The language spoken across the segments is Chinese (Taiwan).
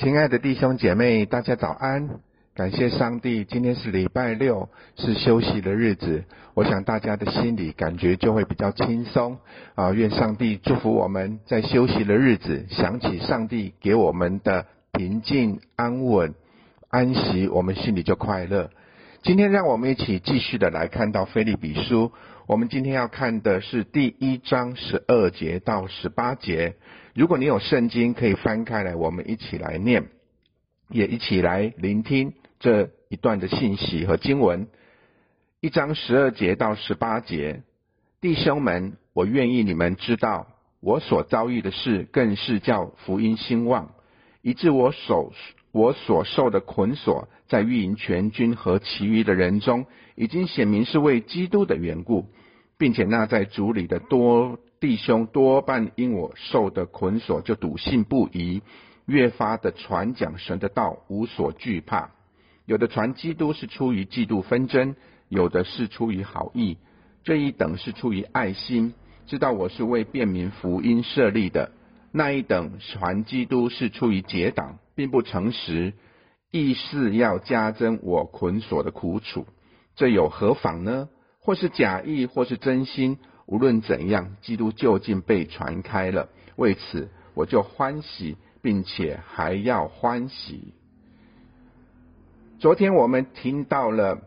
親愛的弟兄姐妹，大家早安！感謝上帝，今天是禮拜六，是休息的日子。我想大家的心裡感覺就會比較輕鬆啊！願上帝祝福我們在休息的日子，想起上帝給我們的平靜、安穩、安息，我們心裡就快樂。今天讓我們一起繼續的來看到《腓立比書》，我們今天要看的是第一章十二節到十八節。如果你有聖經，可以翻開來，我們一起來念，也一起來聆聽這一段的信息和經文。一章十二節到十八節。弟兄們，我願意你們知道，我所遭遇的事，更是叫福音興旺，以致我所我所受的捆鎖，在御營全軍和其餘的人中，已經顯明是為基督的緣故，並且那在主裡的多。弟兄多半因我受的捆鎖，就篤信不疑，越發的傳講神的道，無所懼怕。有的傳基督是出於嫉妒紛爭，有的是出於好意，這一等是出於愛心，知道我是為辯明福音設立的；那一等傳基督是出於結黨，並不誠實，意思是要加增我捆鎖的苦楚，這有何妨呢？或是假意，或是真心。無論怎樣，基督究竟被傳開了。為此，我就歡喜，並且還要歡喜。昨天我們聽到了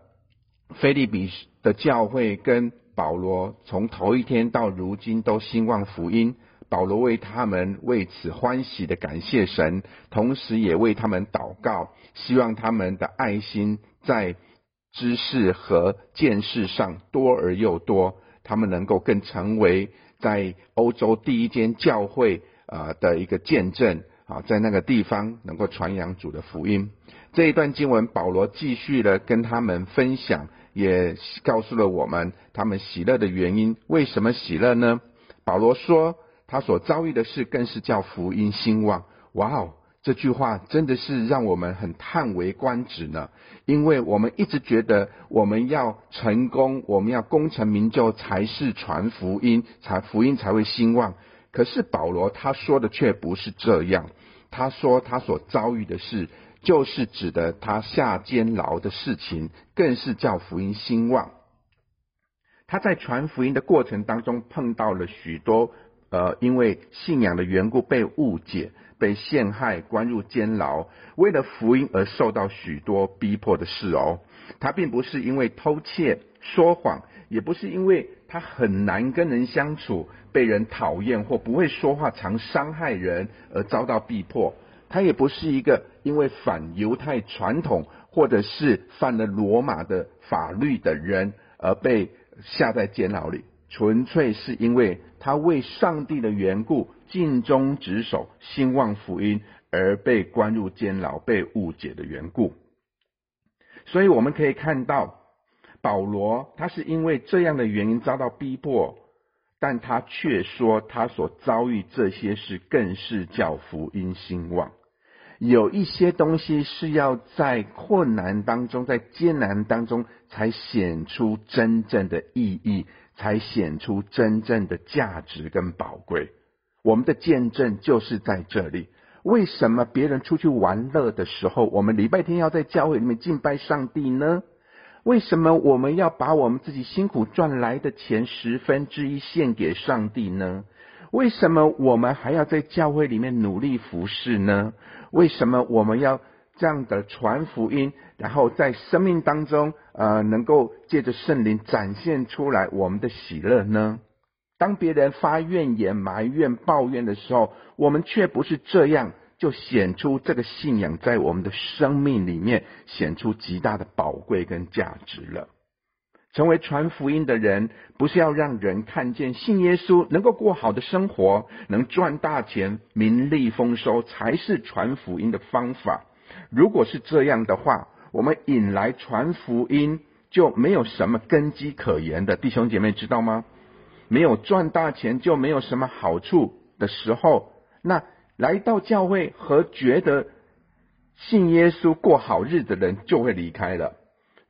腓立比的教會跟保羅從頭一天到如今都興旺福音，保羅為他們為此歡喜的感謝神，同時也為他們禱告，希望他們的愛心在知識和見識上多而又多。他們能夠更成為在歐洲第一間教會啊的一個見證啊，在那個地方能夠傳揚主的福音。這一段經文，保羅繼續的跟他們分享，也告訴了我們他們喜樂的原因。為什麼喜樂呢？保羅說，他所遭遇的事更是叫福音興旺。哇哦！這句話真的是讓我們很嘆為觀止呢，因為我們一直覺得我們要成功，我們要功成名就才是傳福音，才福音才會興旺。可是保羅他說的卻不是這樣，他說他所遭遇的事，就是指的他下監牢的事情，更是叫福音興旺。他在傳福音的過程當中碰到了許多。呃，因為信仰的緣故被誤解、被陷害、關入監牢，為了福音而受到許多逼迫的事哦。他並不是因為偷竊、說謊，也不是因為他很難跟人相處，被人討厭或不會說話常傷害人而遭到逼迫。他也不是一個因為反猶太傳統或者是犯了羅馬的法律的人而被下在監牢裡。純粹是因為他為上帝的緣故盡忠職守、興旺福音而被關入監牢、被誤解的緣故，所以我們可以看到，保羅他是因為這樣的原因遭到逼迫，但他卻說他所遭遇這些事，更是叫福音興旺。有一些東西是要在困難當中、在艱難當中才顯出真正的意義。才顯出真正的價值跟寶貴。我們的見證就是在這裡。為什麼別人出去玩樂的時候，我們禮拜天要在教會裡面敬拜上帝呢？為什麼我們要把我們自己辛苦賺來的錢十分之一獻給上帝呢？為什麼我們還要在教會裡面努力服侍呢？為什麼我們要？這樣的傳福音，然後在生命當中，呃，能夠借着聖靈展現出來我們的喜樂呢。當別人發怨言、埋怨、抱怨的時候，我們卻不是這樣，就顯出這個信仰在我們的生命裡面顯出極大的寶貴跟價值了。成為傳福音的人，不是要讓人看見信耶穌能夠過好的生活，能賺大錢、名利豐收，才是傳福音的方法。如果是這樣的話，我們引來傳福音就沒有什麼根基可言的，弟兄姐妹知道嗎？沒有賺大錢就沒有什麼好處的時候，那來到教會和覺得信耶穌過好日子的人就會離開了。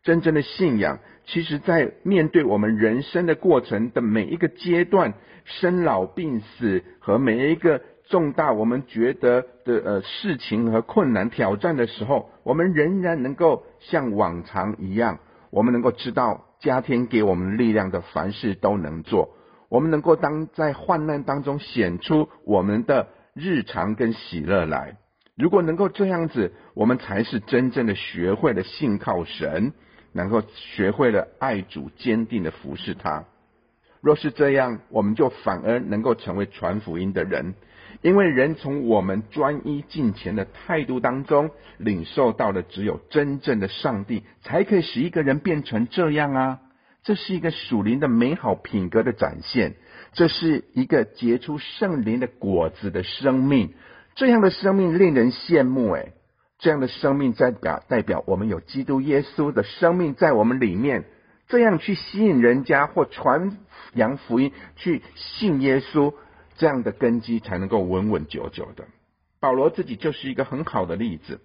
真正的信仰，其實，在面對我們人生的過程的每一個階段，生老病死和每一個。重大，我們覺得的呃事情和困難挑戰的時候，我們仍然能夠像往常一樣，我們能夠知道加添給我們力量的，凡事都能做。我們能夠當在患難當中顯出我們的日常跟喜樂來。如果能夠這樣子，我們才是真正的學會了信靠神，能夠學會了愛主，堅定的服侍他。若是這樣，我們就反而能夠成為傳福音的人。因為人從我們專一敬虔的態度當中領受到的，只有真正的上帝才可以使一個人變成這樣啊！這是一個屬靈的美好品格的展現，這是一個結出聖靈的果子的生命。這樣的生命令人羨慕誒、哎，這樣的生命代表代表我們有基督耶穌的生命在我們裡面，這樣去吸引人家或傳揚福音，去信耶穌。這樣的根基才能夠穩穩久久的。保羅自己就是一個很好的例子。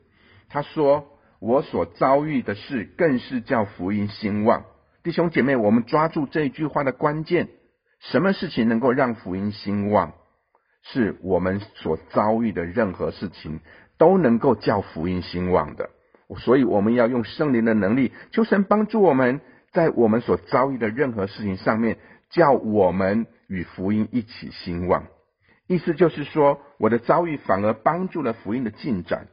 他說：“我所遭遇的事，更是叫福音興旺。”弟兄姐妹，我們抓住這一句話的關鍵：什麼事情能夠讓福音興旺？是我們所遭遇的任何事情，都能夠叫福音興旺的。所以，我們要用聖靈的能力，求神幫助我們，在我們所遭遇的任何事情上面，叫我們。與福音一起興旺，意思就是說，我的遭遇，反而幫助了福音的進展，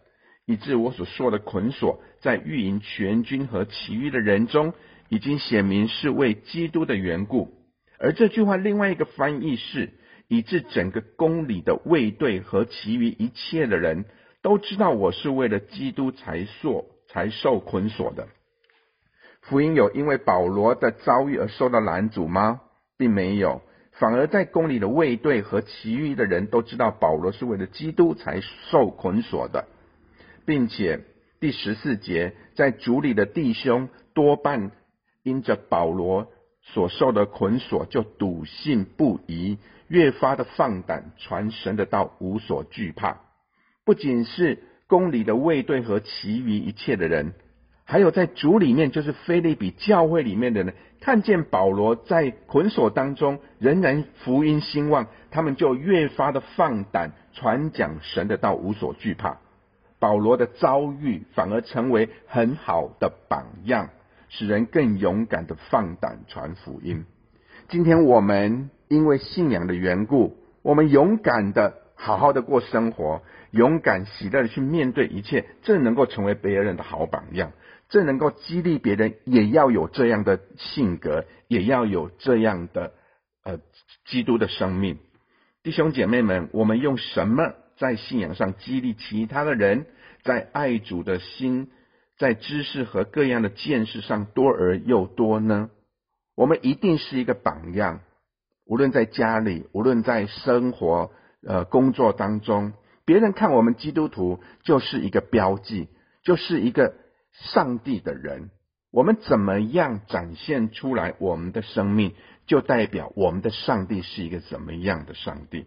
以致我所說的捆鎖，在御營全軍和其餘的人中，已經顯明是為基督的緣故。而這句話另外一個翻譯是：以致整個宮裡的衛隊和其餘一切的人都知道，我是為了基督才受才受捆鎖的。福音有因為保羅的遭遇而受到攔阻嗎？並沒有。反而在宮裡的衛隊和其餘的人都知道保羅是為了基督才受捆鎖的，並且第十四節，在主裡的弟兄多半因着保羅所受的捆鎖，就篤信不疑，越發的放膽傳神的道，無所懼怕。不僅是宮裡的衛隊和其餘一切的人。還有在主裡面，就是腓立比教會裡面的人，看見保羅在捆鎖當中仍然福音興旺，他們就越發的放膽傳講神的道，無所懼怕。保羅的遭遇反而成為很好的榜樣，使人更勇敢的放膽傳福音。今天我們因為信仰的緣故，我們勇敢的好好的過生活，勇敢喜樂的去面對一切，這能夠成為別人的好榜樣。這能夠激勵別人，也要有這樣的性格，也要有這樣的呃基督的生命，弟兄姐妹們，我們用什麼在信仰上激勵其他的人？在愛主的心，在知識和各樣的見識上多而又多呢？我們一定是一個榜樣，無論在家裡，無論在生活呃工作當中，別人看我們基督徒就是一個標記，就是一個。上帝的人，我們怎麼樣展現出來我們的生命，就代表我們的上帝是一個怎麼樣的上帝？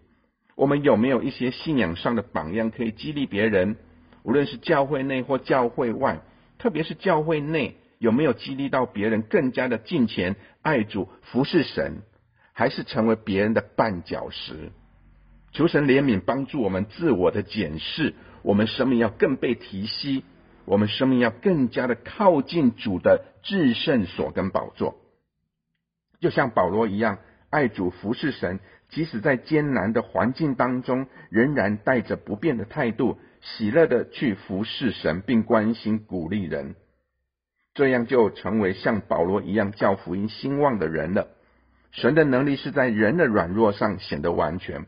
我們有沒有一些信仰上的榜樣可以激勵別人？無論是教會內或教會外，特別是教會內，有沒有激勵到別人更加的敬虔、愛主、服侍神，還是成為別人的絆腳石？求神憐憫，幫助我們自我的檢視，我們生命要更被提息。我們生命要更加的靠近主的至聖所跟寶座，就像保羅一樣，愛主服侍神，即使在艱難的環境當中，仍然帶着不變的態度，喜樂的去服侍神，並關心鼓勵人，這樣就成為像保羅一樣叫福音興旺的人了。神的能力是在人的軟弱上顯得完全。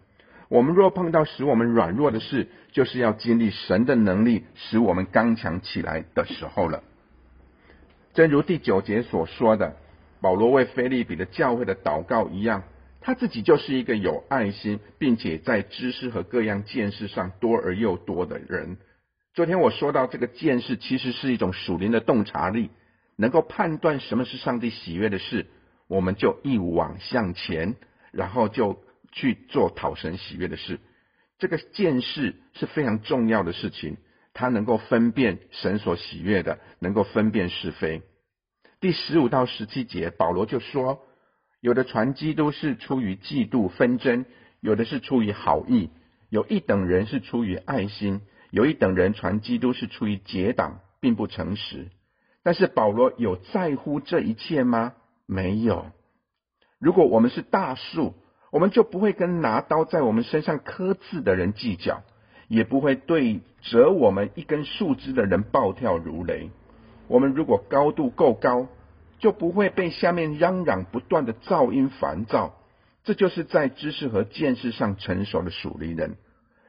我們若碰到使我們軟弱的事，就是要經歷神的能力，使我們剛強起來的時候了。正如第九節所說的，保羅為腓立比的教會的禱告一樣，他自己就是一個有愛心，並且在知識和各樣見識上多而又多的人。昨天我說到這個見識，其實是一種屬靈的洞察力，能夠判斷什麼是上帝喜悅的事，我們就一往向前，然後就。去做討神喜悅的事，這個見識是非常重要的事情。它能夠分辨神所喜悅的，能夠分辨是非。第十五到十七節，保羅就說：有的傳基督是出於嫉妒紛爭，有的是出於好意，有一等人是出於愛心，有一等人傳基督是出於結黨，並不誠實。但是保羅有在乎這一切嗎？沒有。如果我們是大樹，我們就不會跟拿刀在我們身上刻字的人計較，也不會對折我們一根樹枝的人暴跳如雷。我們如果高度夠高，就不會被下面嚷嚷不斷的噪音煩躁。這就是在知識和見識上成熟的屬靈人。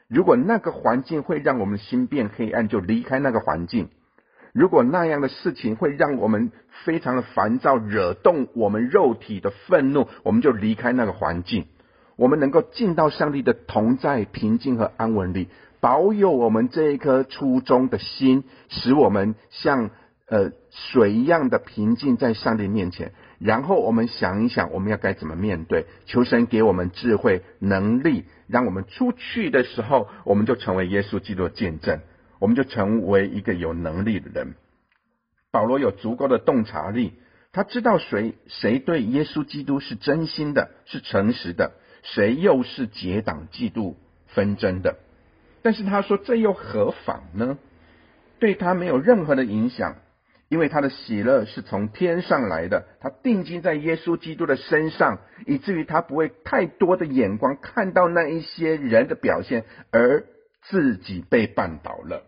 如果那個環境會讓我們心變黑暗，就離開那個環境。如果那樣的事情會讓我們非常的煩躁，惹動我們肉體的憤怒，我們就離開那個環境。我們能夠進到上帝的同在、平靜和安穩裡，保有我們這一顆初衷的心，使我們像呃水一樣的平靜在上帝面前。然後我們想一想，我們要該怎麼面對？求神給我們智慧、能力，讓我們出去的時候，我們就成為耶穌基督的見證。我們就成為一個有能力的人。保羅有足夠的洞察力，他知道誰誰對耶穌基督是真心的，是誠實的，誰又是結黨、嫉妒、紛爭的。但是他說：“這又何妨呢？對他沒有任何的影響，因為他的喜樂是從天上來的，他定睛在耶穌基督的身上，以至於他不會太多的眼光看到那一些人的表現，而自己被絆倒了，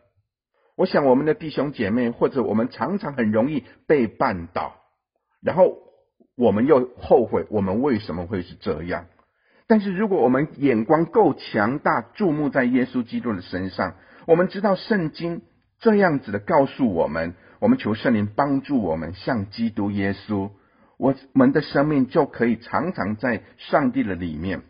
我想我們的弟兄姐妹或者我們常常很容易被絆倒，然後我們又後悔我們為什麼會是這樣。但是如果我們眼光夠強大，注目在耶穌基督的身上，我們知道聖經這樣子的告訴我們，我們求聖靈幫助我們向基督耶穌，我們的生命就可以常常在上帝的裡面。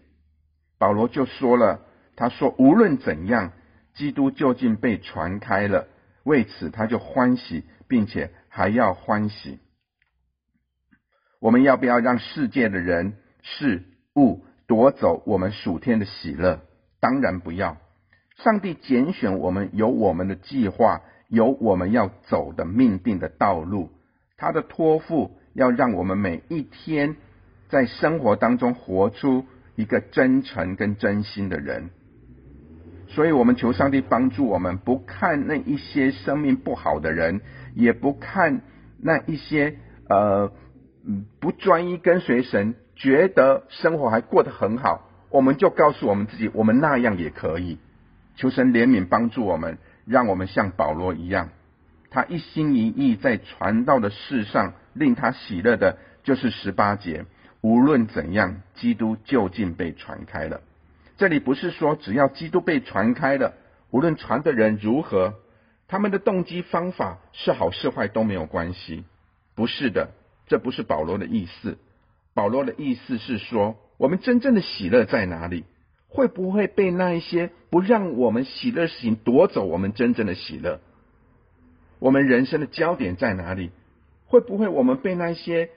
保羅就說了，他說無論怎樣。基督究竟被傳開了，為此他就歡喜，並且還要歡喜。我們要不要讓世界的人事物奪走我們屬天的喜樂？當然不要。上帝揀選我們，有我們的計劃，有我們要走的命定的道路。他的托付要讓我們每一天在生活當中活出一個真誠跟真心的人。所以我們求上帝幫助我們，不看那一些生命不好的人，也不看那一些呃嗯不專一跟隨神，覺得生活還過得很好，我們就告訴我們自己，我們那樣也可以。求神憐憫幫助我們，讓我們像保羅一樣，他一心一意在傳道的事上，令他喜樂的就是十八節，無論怎樣，基督究竟被傳開了。這裡不是說只要基督被傳開了，無論傳的人如何，他們的動機方法是好是壞都沒有關係。不是的，這不是保羅的意思。保羅的意思是說，我們真正的喜樂在哪裡？會不會被那一些不讓我們喜樂的事情奪走我們真正的喜樂？我們人生的焦點在哪裡？會不會我們被那些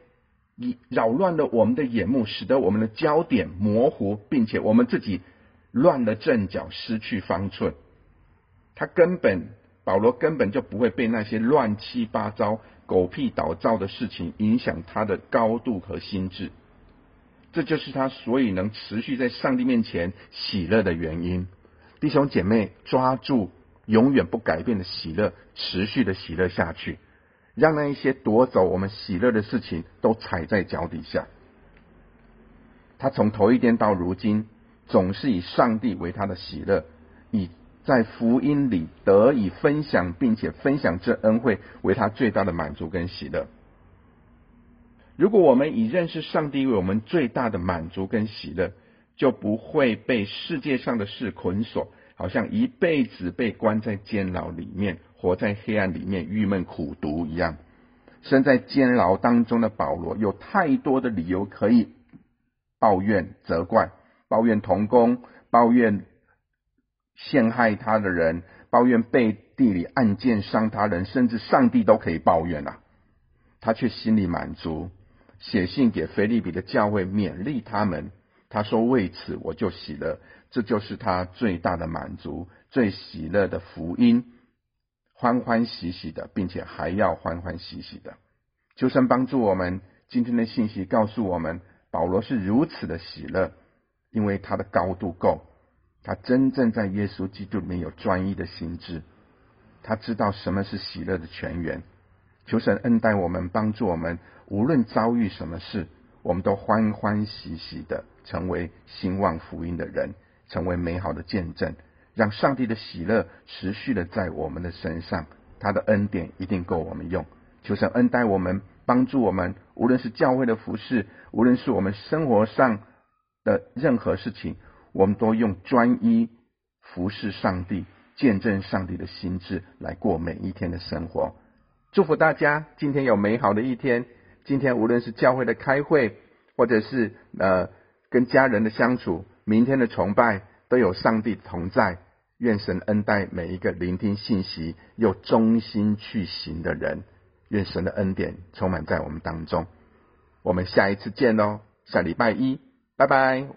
以擾亂了我們的眼目，使得我們的焦點模糊，並且我們自己？亂了陣腳，失去方寸。他根本，保羅根本就不會被那些亂七八糟、狗屁倒灶的事情影響他的高度和心智。這就是他所以能持續在上帝面前喜樂的原因。弟兄姐妹，抓住永遠不改變的喜樂，持續的喜樂下去，讓那一些奪走我們喜樂的事情都踩在腳底下。他從頭一天到如今，總是以上帝為他的喜樂，以在福音裡得以分享，並且分享這恩惠為他最大的滿足跟喜樂。如果我們以認識上帝為我們最大的滿足跟喜樂，就不會被世界上的事捆鎖，好像一輩子被關在監牢裡面，活在黑暗裡面，鬱悶苦毒一樣。身在監牢當中的保羅，有太多的理由可以抱怨責怪。抱怨同工，抱怨陷害他的人，抱怨背地裡暗箭傷他人，甚至上帝都可以抱怨啊，他卻心裡滿足，寫信給腓立比的教會勉勵他們。他說：“為此我就喜樂，這就是他最大的滿足，最喜樂的福音，歡歡喜喜的，並且還要歡歡喜喜的。”求神幫助我們，今天的信息告訴我們，保羅是如此的喜樂。因為他的高度夠，他真正在耶穌基督裡面有專一的心志，他知道什麼是喜樂的泉源。求神恩待我們，幫助我們，無論遭遇什麼事，我們都歡歡喜喜的成為興旺福音的人，成為美好的見證，讓上帝的喜樂持續的在我們的身上。他的恩典一定夠我們用。求神恩待我們，幫助我們，無論是教會的服侍，無論是我們生活上的任何事情，我們都用專一服侍上帝，見證上帝的心智、心志，來過每一天的生活。祝福大家今天有美好的一天。今天無論是教會的開會，或者是呃跟家人的相處，明天的崇拜都有上帝同在。願神恩待每一個聆聽信息又忠心去行的人。願神的恩典充滿在我們當中。我們下一次見嘍，下禮拜一。拜拜。